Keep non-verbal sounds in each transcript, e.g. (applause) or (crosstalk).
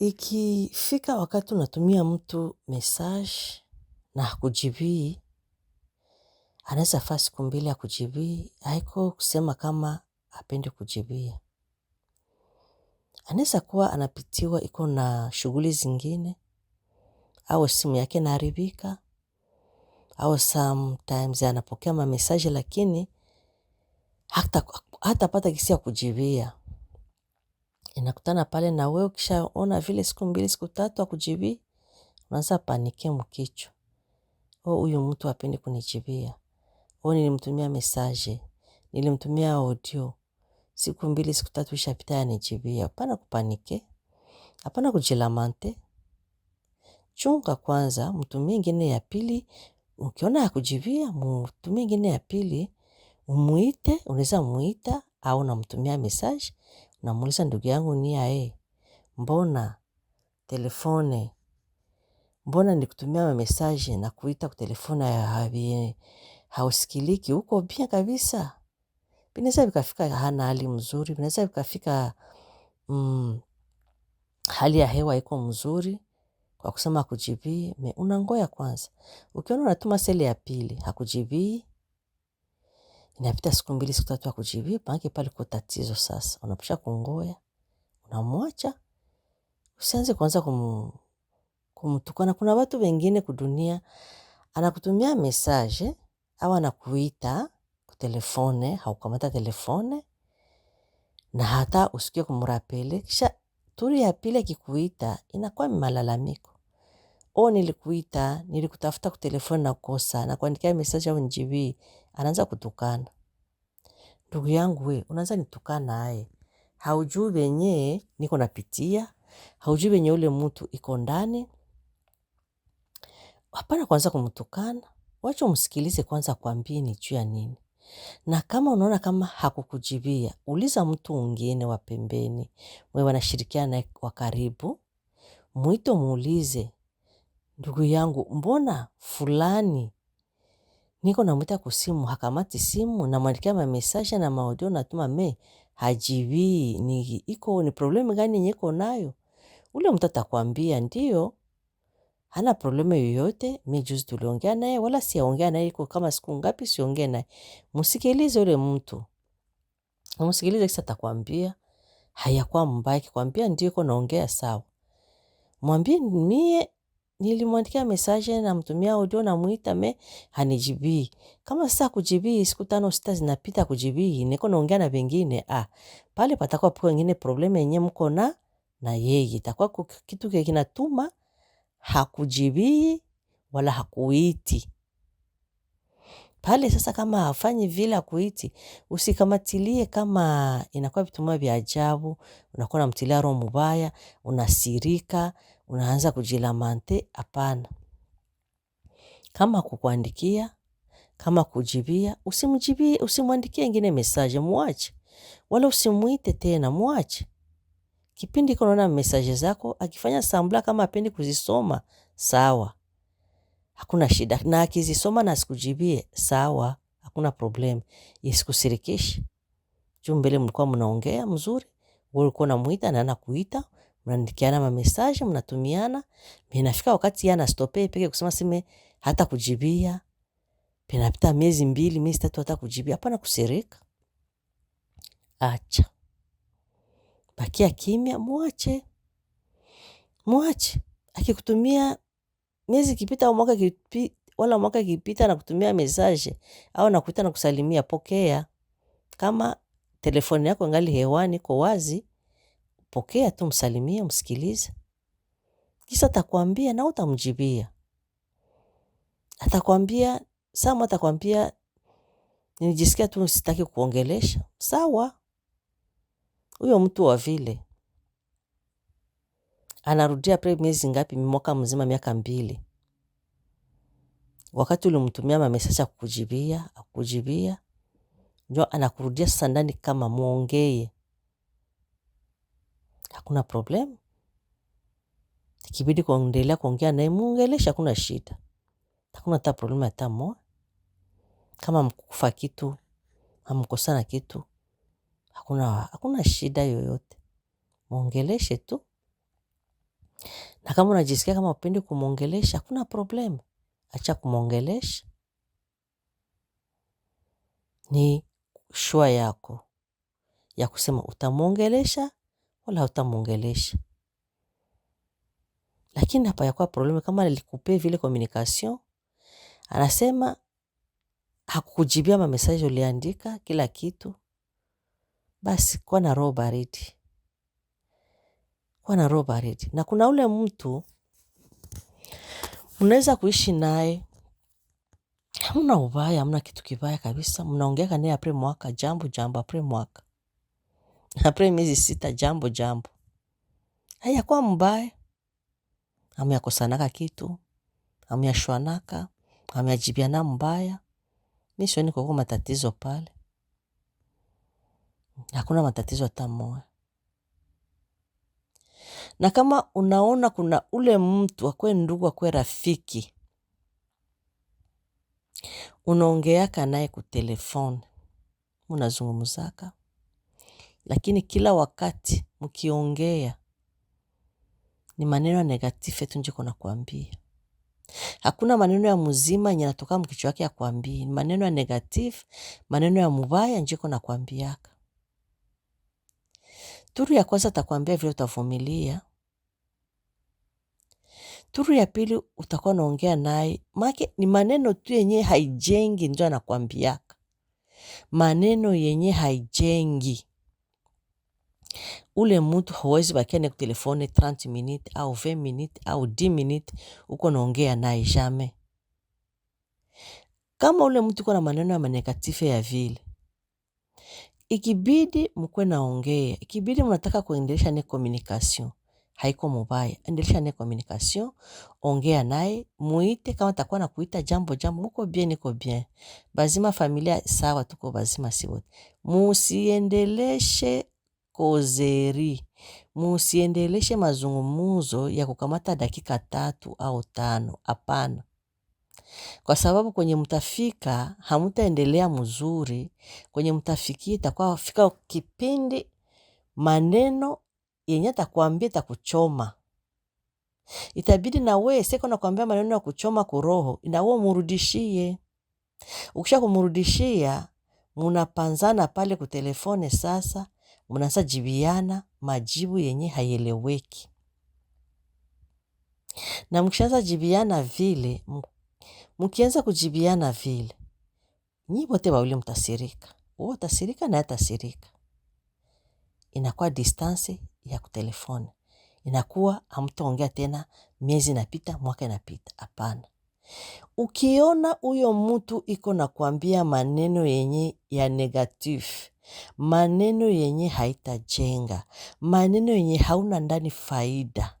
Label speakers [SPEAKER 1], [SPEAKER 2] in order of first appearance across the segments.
[SPEAKER 1] Ikifika wakati unatumia mtu message na hakujibii, anaweza faa siku mbili hakujibii, haiko kusema kama apende kujibia. anaweza kuwa anapitiwa iko na shughuli zingine, au simu yake inaharibika, au sometimes anapokea mamesaji lakini pata kisi ya kujibia inakutana pale na wewe, ukishaona vile siku mbili siku tatu akujibii, unaanza panike mkichwa, oh, huyu mtu apendi kunijibia, oh, nilimtumia mesaje, nilimtumia audio, siku mbili siku tatu ishapita, yanijibia. Hapana kupanike, hapana kujilamante. Chunga kwanza, mtumie ingine ya pili. Ukiona akujibia, mtumie ingine ya pili, umuite, unaweza muita au namtumia mesaje Namuuliza ndugu yangu Nia, eh, mbona telefone, mbona nikutumia mamesaje na kuita kutelefona hausikiliki? Huko bia kabisa. Vinaweza vikafika hana hali mzuri, vinaweza vikafika mm, hali ya hewa iko mzuri kwa kusema una Unangoya kwanza, ukiona unatuma sele ya pili hakujibii, inapita siku mbili siku tatu ya kujibiwa, maanake pale kwa tatizo sasa. Unapisha kungoya, unamwacha, usianze kuanza kum, kumtukana. Kuna watu wengine kudunia anakutumia mesaje au anakuita kutelefone, haukamata telefone na hata usikie kumurapele, kisha turi ya pili akikuita inakuwa malalamiko o oh, nilikuita, nilikutafuta kutelefoni na kukosa, na kuandikia message au nijibii, anaanza kutukana. Ndugu yangu we, unaanza nitukana aye. Haujui venye niko napitia, haujui venye ule mtu iko ndani. Hapana kwanza kumtukana, wacha umsikilize kwanza akwambie ni juu ya nini. Na kama unaona kama hakukujibia, uliza mtu mwingine wa pembeni, mwe wanashirikiana naye wa karibu, mwite muulize ndugu yangu, mbona fulani niko namwita kusimu hakamati simu, namwandikia mamesaje na maodio natuma me hajibii, ni iko ni problemu gani yenye iko nayo? Ule mtu atakwambia ndio, hana problemu yoyote, mi juzi tuliongea naye, wala siaongea naye iko kama siku ngapi siongee naye. Msikilize ule mtu, msikilize kisa atakwambia hayakuwa mbaya. Akikwambia ndio iko naongea sawa, mwambie mie Nilimwandikia mesaje, namtumia audio namuita me hanijibi. Kama sasa kujibi, siku tano sita zinapita kujibi, niko naongea na vingine, ah, pale patakuwa piko wengine problem yenye mko na na yeye. Itakuwa kitu kile kinatuma hakujibi wala hakuiti. Pale sasa kama hafanyi vile hakuiti, usikamatilie kama inakuwa vitumwa vya ajabu, unakuwa namtilia roho mubaya, unasirika, unaanza kujilamante, hapana. Kama kukuandikia, kama kujibia, usimjibie, usimwandikie ingine mesaje, mwache, Wala usimwite tena, mwache Kipindi iko naona mesaje zako, akifanya sambla kama apendi kuzisoma, sawa. Hakuna shida. Na akizisoma na asikujibie, sawa. Hakuna problem. Isikusirikishi. Juu mbele mlikuwa mnaongea mzuri, wewe ulikuwa unamuita na anakuita, mnaandikiana mamesaji, mnatumiana. Inafika wakati yeye anastopea peke kusema sime hata kujibia. Pinapita miezi mbili, miezi tatu hata kujibia. Hapana kusirika. Acha. Bakia kimya, muache. Muache. Akikutumia miezi kipita au mwaka ikipita wala mwaka kipita na kutumia mesaje au nakuita na kusalimia, pokea. Kama telefoni yako ngali hewani iko wazi, pokea tu, msalimie, msikilize. kisa atakwambia na utamjibia. Atakwambia sama atakwambia nijisikia tu sitaki kuongelesha. Sawa, huyo mtu wa vile anarudia pre miezi ngapi? Mwaka mzima, miaka mbili. Wakati ulimtumia mamesaji akukujibia akujibia, njo anakurudia sasa ndani, kama mwongee hakuna problem Ikibidi kuendelea kuongea naye muongeleshe, hakuna shida, hakuna hata problem hata moja. Kama mkufa kitu amkosana kitu, hakuna hakuna shida yoyote, mwongeleshe tu. Na kama unajisikia kama upendi kumwongelesha, hakuna problem acha kumwongelesha. Ni shua yako ya kusema utamwongelesha wala hautamwongelesha. Lakini hapa yakuwa problemu kama alikupe vile communication, anasema hakukujibia mamesaji uliandika kila kitu, basi kuwa na roho baridi, kuwa na roho baridi. Na kuna ule mtu mnaweza kuishi naye, hamna ubaya, hamna kitu kibaya kabisa, mnaongeaka naye apre mwaka jambo jambo, apre mwaka Après miezi sita jambo jambo. Hayakuwa mbaya. Hamuyakosanaka kitu. Hamuyashwanaka. Hamuyajibiana mbaya. Mi sioni kuko matatizo pale. Hakuna matatizo hata moya. Na kama unaona kuna ule mtu akwe ndugu akwe rafiki, unaongeaka naye kutelefoni, munazungumuzaka, lakini kila wakati mkiongea ni maneno ya negatifu yetu njiko kuambia. Hakuna maneno ya mzima yenye natoka mkicho yake ya kuambia, Ni maneno ya negatifu, maneno ya mubaya njiko kuambiaka. Turu ya kwanza takwambia vile utavumilia. Turu ya pili utakuwa naongea naye, make ni maneno tu yenye haijengi, ndio anakuambiaka maneno yenye haijengi ule mtu hauwezi bakia na kutelefone 30 minute au 20 minute au 10 minute uko naongea naye jame. Kama ule mtu uko na maneno ya manegatife ya vile, ikibidi mkwe naongea, ikibidi mnataka kuendelesha ne communication, haiko mubaya, endelesha ne communication, ongea naye, muite kama takuwa na kuita jambo jambo, uko bien, niko bien, bazima familia sawa, tuko bazima siwote, musiendeleshe kozeri musiendeleshe mazungumuzo ya kukamata dakika tatu au tano hapana kwa sababu kwenye mtafika hamutaendelea mzuri kwenye mtafikia itakuwa fika kipindi maneno yenye atakuambia itakuchoma itabidi na we seko nakuambia maneno ya kuchoma kuroho inawe umurudishie ukisha kumurudishia munapanzana pale kutelefone sasa mnasa jibiana majibu yenye haieleweki. Na mkishaanza jibiana vile, mkianza kujibiana vile, nyi wote wawili mtasirika, uo utasirika na atasirika. Inakuwa distansi ya kutelefoni, inakuwa hamtaongea tena, miezi inapita, mwaka inapita. Hapana. Ukiona huyo mtu iko na kuambia maneno yenye ya negative, maneno yenye haitajenga, maneno yenye hauna ndani faida.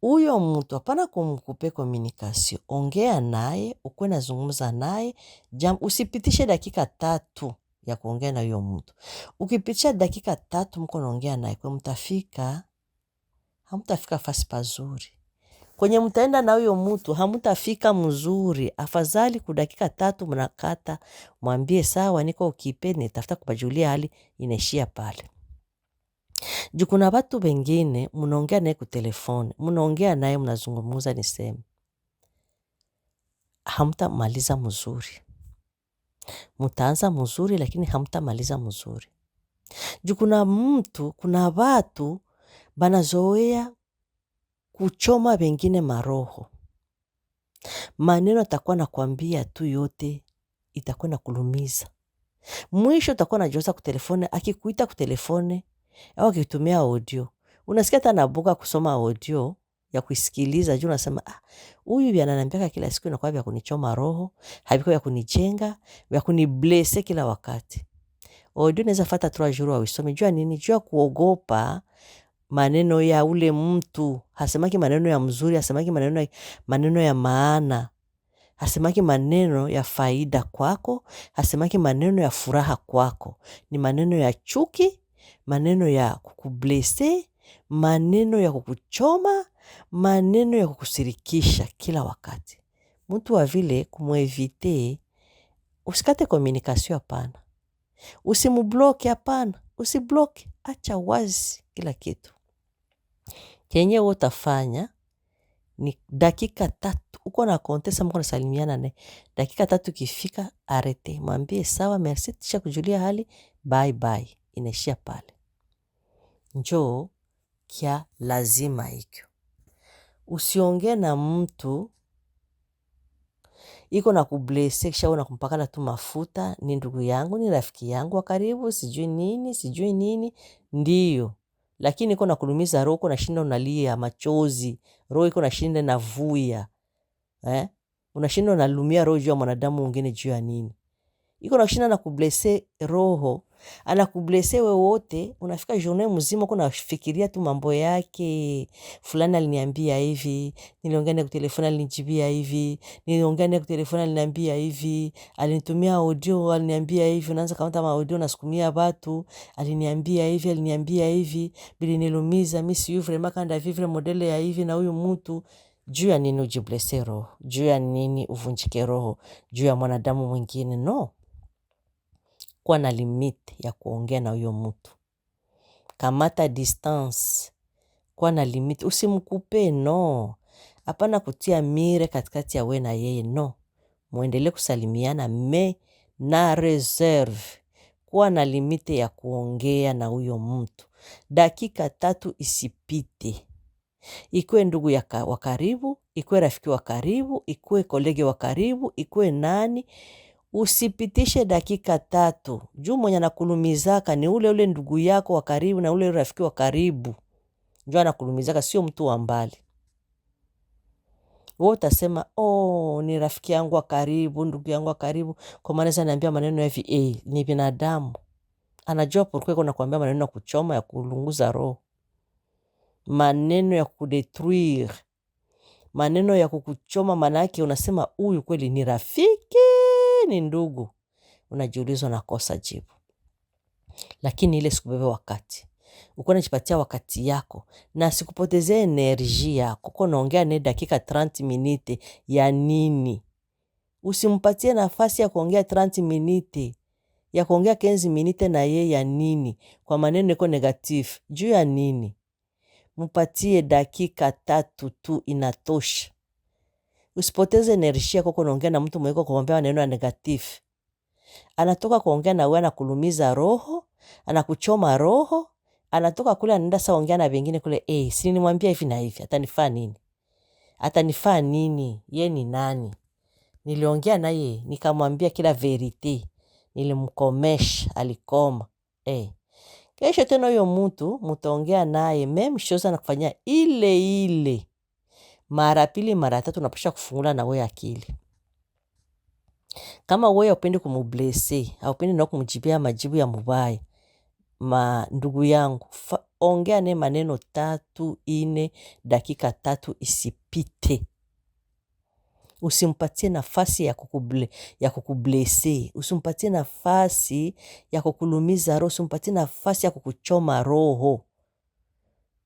[SPEAKER 1] Huyo mtu hapana kumkupe komunikasio, ongea naye, ukuwe nazungumza naye, usipitishe dakika tatu ya kuongea na huyo mtu. Ukipitisha dakika tatu mko naongea naye, kwe mtafika, hamtafika fasi pazuri. Kwenye mtaenda na huyo mtu hamtafika mzuri, afadhali kudakika tatu mnakata, mwambie sawa, niko ukipe, nitafuta kupajulia hali, inaishia pale. Juu kuna watu wengine mnaongea naye kutelefoni, mnaongea naye, mnazungumuza, niseme hamtamaliza mzuri, mtaanza mzuri lakini hamtamaliza mzuri. Juu kuna mtu kuna watu banazoea kuchoma wengine maroho. Maneno atakuwa nakwambia tu yote itakuwa na kulumiza Mwisho utakuwa najosa kutelefone, akikuita kutelefone au akitumia audio, unasikia hata nabuka kusoma audio ya kuisikiliza juu unasema ah, huyu vyananambiaka kila siku inakuwa vya kunichoma roho, haviko vya kunijenga, vya kuniblese kila wakati. Audio naweza fata trois jours waisome. Jua nini? Jua kuogopa maneno ya ule mtu, hasemaki maneno ya mzuri, hasemaki maneno ya, maneno ya maana, hasemaki maneno ya faida kwako, hasemaki maneno ya furaha kwako. Ni maneno ya chuki, maneno ya kukublese, maneno ya kukuchoma, maneno ya kukusirikisha kila wakati. Mtu wa vile kumwevite, usikate komunikasio, hapana. Usimubloke, hapana. Usibloke, acha wazi kila kitu. Kenye wewe utafanya ni dakika tatu, uko na kontesa mko nasalimiana naye, dakika tatu kifika arete, mwambie sawa, merci, tisha kujulia hali, bye bye, inaishia pale. njo kya lazima hikyo, usiongee na mtu iko na kublese kisha na kumpakala tu mafuta, ni ndugu yangu, ni rafiki yangu wa karibu, sijui nini sijui nini. Ndiyo, lakini iko nakulumiza roho, uko nashinda unalia machozi, roho iko nashinda navuya eh? Unashinda unalumia roho juu ya mwanadamu mwingine juu ya nini? Iko nashinda na kublese roho anakublesse wewe wote, unafika journée mzima uko nafikiria tu mambo yake. Fulani aliniambia hivi, niliongea naye kwa alinijibia hivi, niliongea naye kwa aliniambia hivi, alinitumia audio aliniambia hivi, unaanza kamata maaudio nasukumia watu, aliniambia hivi, aliniambia hivi, bili nilumiza mi siyu vrema kanda vivre modele ya hivi na huyu mtu. Juu ya nini ujiblese roho? Juu ya nini uvunjike roho? Juu ya mwanadamu mwingine? No kuwa na limit ya kuongea na huyo mtu. Kamata distance, kuwa na limit, usimkupe no. Hapana kutia mire katikati ya we na yeye no. Muendelee kusalimiana me na reserve. Kuwa na limite ya kuongea na huyo mtu. Dakika tatu isipite. Ikuwe ndugu ya wa karibu, ikuwe rafiki wa karibu, ikuwe kolege wa karibu, ikuwe nani usipitishe dakika tatu juu mwenye anakulumizaka ni ule ule ndugu yako wa karibu na ule rafiki wa karibu, njo anakulumizaka, sio mtu wa mbali. Wewe utasema oh, ni rafiki yangu wa karibu, ndugu yangu wa karibu, kwa maana sasa anaambia maneno hivi. Eh, ni binadamu, anajua pourquoi kuna kuambia maneno ya kuchoma, ya kulunguza roho, maneno ya kudetruire, maneno ya kukuchoma. Maana yake unasema huyu kweli ni rafiki ni ndugu, na kosa jibu. Lakini ile sikubebe wakati, uko najipatia wakati yako na sikupotezea enerji yako, ko naongea naye dakika 30 minute ya nini? Usimpatie nafasi ya kuongea 30 minute ya kuongea 15 minute na ye ya nini? Kwa maneno iko negatif juu ya nini? Mpatie dakika tatu tu inatosha. Usipoteze energy yako kunaongea na mtu mweko kumwambia maneno ya negative. Anatoka kuongea na wewe anakulumiza roho, anakuchoma roho, anatoka kule anaenda sasa ongea na wengine kule, eh, si nimwambia hivi na hivi, atanifaa nini? Atanifaa nini? Ye ni nani? Niliongea naye nikamwambia kila verite, nilimkomesha alikoma. Eh. Kesho tena huyo mtu mtaongea naye meme shoza na kufanyia ile ile mara pili mara tatu unapasha kufungula na wewe akili. Kama we haupendi kumublesi, haupendi na kumjibia majibu ya mubaya, ma ndugu yangu, ongea ne maneno tatu ine dakika tatu isipite. Usimpatie nafasi ya kukuble, ya kukublesi, usimpatie nafasi ya kukulumiza roho, usimpatie nafasi ya kukuchoma roho.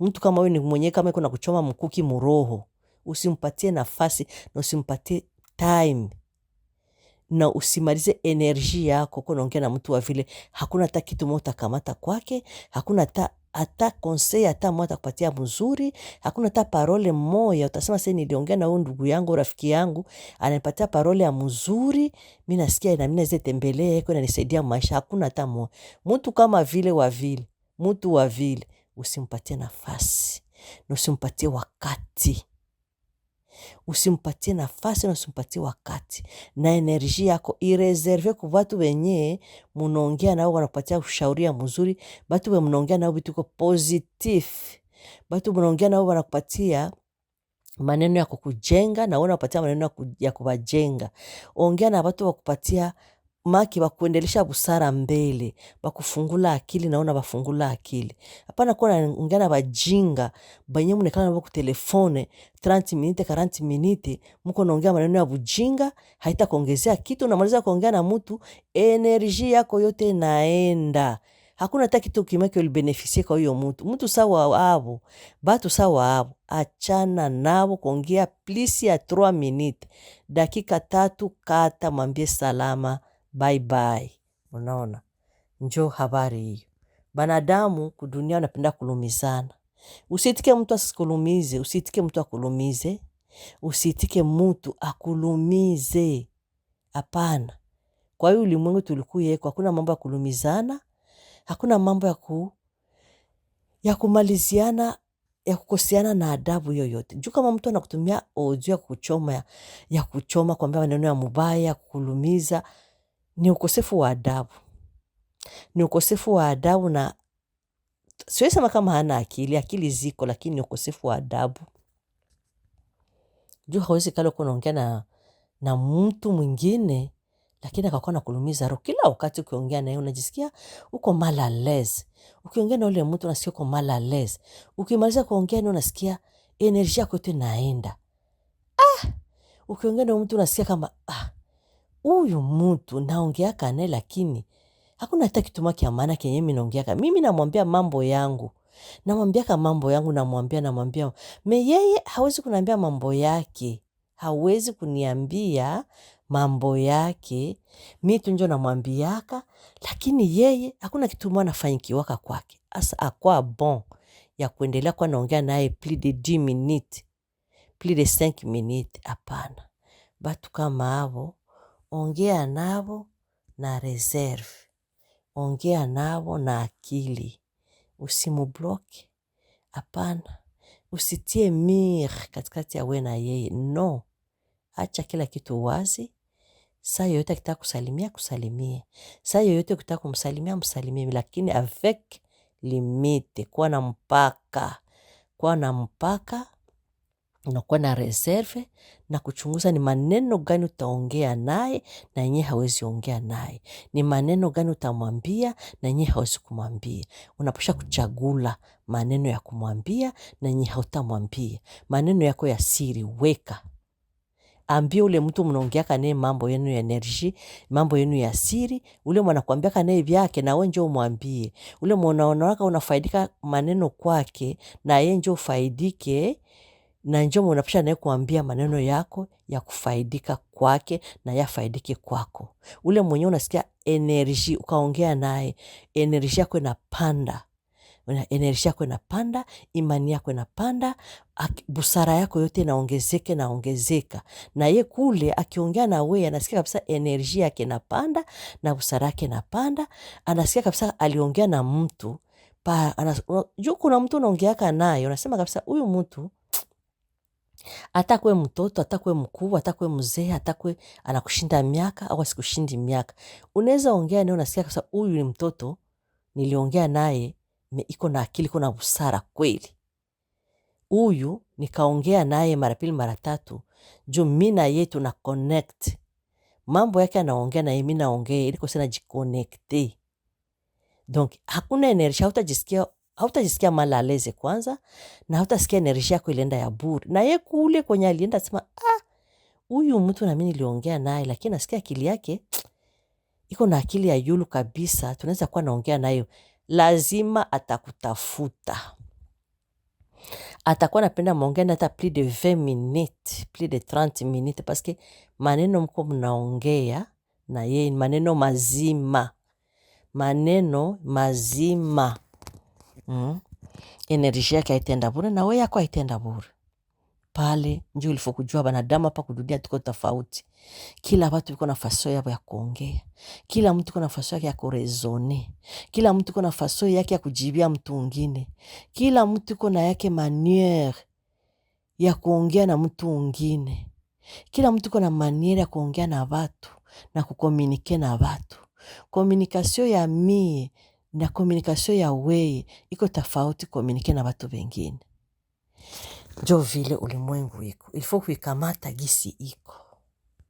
[SPEAKER 1] Mtu kama we ni mwenye kama iko na kuchoma mkuki muroho, usimpatie nafasi na usimpatie time na usimalize enerji yako kunaongea na mtu wa vile hakuna hata kitu mo utakamata kwake, hakuna hata hata konsei hata mo atakupatia mzuri, hakuna hata parole moya utasema sasa, niliongea na huyu ndugu yangu rafiki yangu ananipatia parole ya mzuri, mi nasikia na mimi naweza tembelee yako na maisha. Hakuna hata moja mutu kama vile wa vile, mtu wa vile usimpatie nafasi na usimpatie wakati usimpatie nafasi na usimpatie wakati, na enerji yako ireserve ku batu benye munaongea nao, wanapatia ushauri ya mzuri, batu we mnaongea nao vituko positif, batu mnaongea nao wanakupatia maneno ya kukujenga na wanapatia maneno ya kuwajenga. Ongea na watu wakupatia Make bakuendelesha busara mbele, bakufungula akili naona bafungula akili. hapana kuwa naungana bajinga banye munekana nabo kutelefone 30 minute 40 minute muko naongea maneno ya bujinga haitakuongezea kitu. Unamaliza kuongea na mtu enerji yako yote naenda hakuna hata kitu kimeke ulibenefisie kwa hiyo mtu. Mtu sawa avo batu sawa avo, achana navo kuongea plisi ya 3 minute dakika tatu kata, mwambie salama bye bye. Unaona? njo habari hiyo. Banadamu kudunia dunia wanapenda kulumizana. Usiitike mtu asikulumize, usiitike mtu akulumize, usiitike mtu akulumize. Hapana. Kwa hiyo ulimwengu tulikuyeko, hakuna mambo ya kulumizana, hakuna mambo ya ku ya kumaliziana, ya kukoseana na adabu yoyote. Juu kama mtu anakutumia audio ya kuchoma ya kuchoma kuambia maneno ya mubaya, ya kukulumiza ni ukosefu wa adabu, ni ukosefu wa adabu, na siwezi sema kama hana akili, akili ziko, lakini ni ukosefu wa adabu juu hawezi kale kuwa unaongea na, na mtu mwingine lakini akakuwa na kulumiza roho kila wakati. Ukiongea naye unajisikia uko malales, ukiongea na ule mtu unasikia uko malales, ukimaliza kuongea naye unasikia enerji yako yote inaenda. Ah, ukiongea na mtu unasikia kama ah, huyu mtu naongeaka naye lakini hakuna hata kituma kya maana kenye mi naongeaka. Mimi namwambia mambo yangu, namwambiaka mambo yangu, namwambia namwambia, me yeye hawezi kuniambia mambo yake, hawezi kuniambia mambo yake, mi tunjo namwambiaka, lakini yeye hakuna kitu mwana fanyikiwaka kwake. Asa akwa bon ya kuendelea kuwa naongea naye plus de 10 minutes plus de 5 minutes? Hapana, batu kama avo ongea navo na reserve, ongea navo na akili, usimubloke hapana. Usitie mir katikati ya we na yeye no, acha kila kitu wazi. Saa yoyote akitaka kusalimia kusalimie, saa yoyote ukitaka kumsalimia msalimie, lakini avec limite, kuwa na mpaka, kuwa na mpaka unakuwa na reserve na kuchunguza ni maneno gani utaongea naye na yenyewe hawezi ongea naye, ni maneno gani utamwambia na yenyewe hawezi kumwambia. Unapasha kuchagula maneno ya kumwambia na yenyewe hautamwambia. Maneno yako ya siri weka, ambia ule mtu mnaongea kanaye mambo yenu ya energy, mambo yenu ya siri, ule mwanakuambia kanaye vyake, na wewe umwambie. Ule mwanaonawaka unafaidika maneno kwake, na yeye njoo ufaidike na njo munapisha naye kuambia maneno yako ya kufaidika kwake na ye afaidike kwako. Ule mwenye unasikia enerji, ukaongea naye, enerji yako inapanda, enerji yako inapanda, imani yako inapanda, busara yako yote inaongezeka inaongezeka. Na ye kule akiongea na we anasikia kabisa enerji yake inapanda na busara yake inapanda, anasikia kabisa aliongea na mtu juu kuna mtu unaongeaka naye unasema kabisa, huyu mtu Atakwe mtoto, atakwe mkubwa, atakwe mzee, atakwe anakushinda miaka au asikushindi miaka. Unaweza ongea naye unasikia kabisa huyu ni mtoto niliongea naye iko na akili, iko na busara kweli. Huyu nikaongea naye mara pili mara tatu, juu mi na yeye tuna connect. Mambo yake anaongea naye mi naongea iliko sina donk hakuna enerji, hautajisikia hautajisikia aleze kwanza, na hautasikia nerishi yako ilienda ya bure. Na ye kule kwenye alienda sema, ah, huyu mtu nami niliongea naye, lakini nasikia akili yake (tsk) iko na akili ya yulu kabisa, tunaweza kuwa naongea nayo. Lazima atakutafuta, atakuwa napenda na hata plus de 20 minutes, plus de 30 minutes, paske maneno mko mnaongea na yeye, maneno mazima, maneno mazima Mm. Energy yake aitenda bure na wewe yako aitenda bure. Pale njo kujua banadamu hapa kudunia tuko tofauti. Kila watu iko nafasi yao ya kuongea, kila mtu iko nafasi yake ya kurezone, kila mtu iko nafasi yake ya kujibia mtu mwingine, kila mtu iko na yake maniere ya kuongea na mtu mwingine, kila mtu iko na maniere ya kuongea na watu na kukomunike na watu. Komunikasio ya mie na komunikasio ya weye iko tofauti komunike na watu wengine, Njo vile ulimwengu iko, ilifo kuikamata gisi iko.